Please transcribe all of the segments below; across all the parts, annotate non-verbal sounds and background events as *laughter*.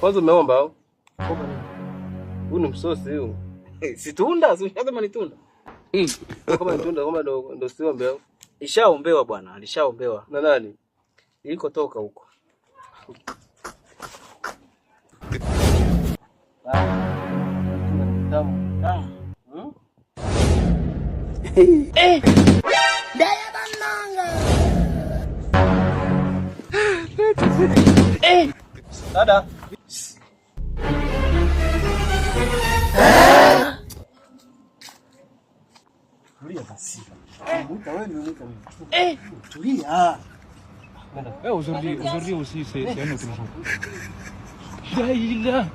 Kwanza umeomba au? Huu ni msosi huu. Hey, *laughs* si tunda, si unasema ni tunda. Mm. Kama ni tunda kama ndo ndo siombe au? Ishaombewa bwana, alishaombewa. Na nani? Iliko toka huko. Dada. Tulia basi. Eh. Mwita wewe ndio mwita mimi. Eh. Tulia. Wewe eh, uzuri uzuri usise tena tumshu. Laila.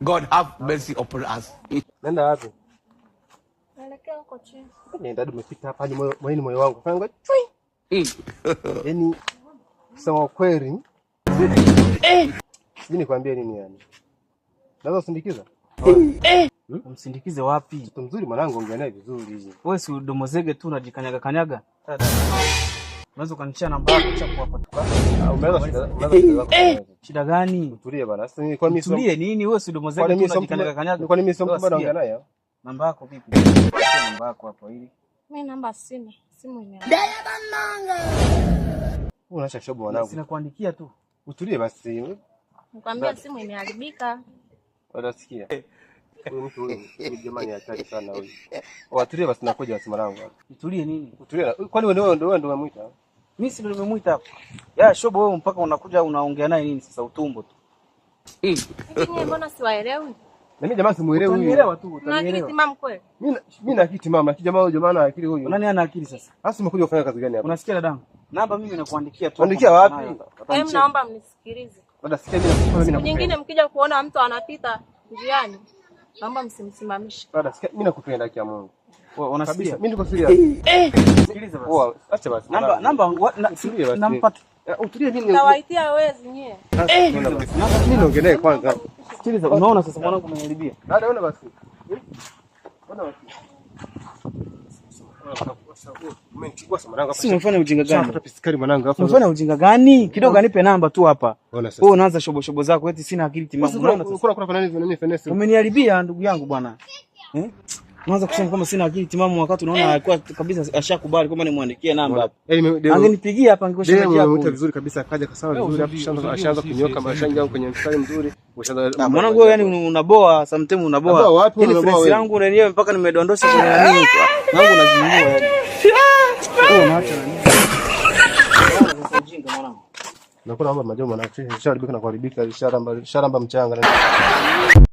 God have mercy upon us. Nenda wapi? Nenda tumepita hapa hadi moyoni moyo wangu. Kanga chui. Yaani sema kweli. Eh. Sijui nikwambie nini yani. Naweza kusindikiza? Eh. Hmm? Umsindikize wapi? Mtu mzuri mwanangu, ongea naye vizuri. Wewe si zege tu unajikanyaga kanyaga. Unaweza kanichia namba yako kisha kuwapa tu. Unaweza shida gani? Tulie bana. Sasa kwa mimi tulie nini? Wewe si zege tu unajikanyaga kanyaga. Kwa nini mimi bado ongea naye? Eh? Namba yako vipi? Namba yako hapo hili. Mimi namba sina. Simu ina. Daya bananga. Unaacha shobo wanangu. Sina kuandikia tu. Utulie basi. Nikwambia simu imeharibika. Unasikia? Eh, Huyu mtu *laughs* huyu jamani hatari sana huyu. *laughs* Watulie basi nakuja wasema langu. Nitulie nini? Utulie. Kwani wewe ndio ndio ndio umemuita? Mimi si ndio nimemuita hapo. Ya shobo wewe mpaka unakuja unaongea naye nini sasa utumbo tu. Eh. mbona siwaelewi? Na mimi jamaa simuelewi huyu. Unielewa tu utanielewa. Na akili kweli? Mimi mimi na akili timamu, akili jamaa akili huyu. Nani ana akili sasa? Ah, sasa umekuja kufanya kazi gani hapa? Unasikia dadangu? Namba mimi nakuandikia tu. Andikia wapi? Hem, naomba mnisikilize. Dada sikia mimi nakusikiliza mimi. Nyingine mkija kuona mtu anapita njiani Naomba msimsimamishe. Dada, sikia mimi nakupenda haki Mungu. Wewe Unasikia? Mimi niko serious. Eh, sikiliza basi. Poa, acha basi. Namba namba tulie basi. Nampa eh, Utulie mimi. Nawaitia wewe zinyie. Eh, mimi ndio naongelea kwanza. Sikiliza, unaona sasa mwanangu ameharibia. Dada, ona basi. Hmm? Ona basi. Umefanya ujinga gani? Kidogo anipe namba tu hapa. Wewe unaanza shobo shobo zako eti sina akili timamu. Umeniharibia ndugu yangu bwana. Eh? Unaanza kusema kama sina akili timamu wakati unaona eh. alikuwa kabisa ashakubali kwamba nimwandikie namba hapa. Yaani Angenipigia hapa angekuwa vizuri kabisa akaja kasawa eh, vizuri hapo ashaanza kunyoka maisha kwenye mstari mzuri. Mwanangu yani unaboa sometimes unaboa. Wapi unaboa yaani yangu na yenyewe mpaka nimedondosha kwenye nini kwa. Wangu unazungua yani. oh naacha nani? nakula mambo majomo na kisha haribika na kuharibika shamba shamba mchanga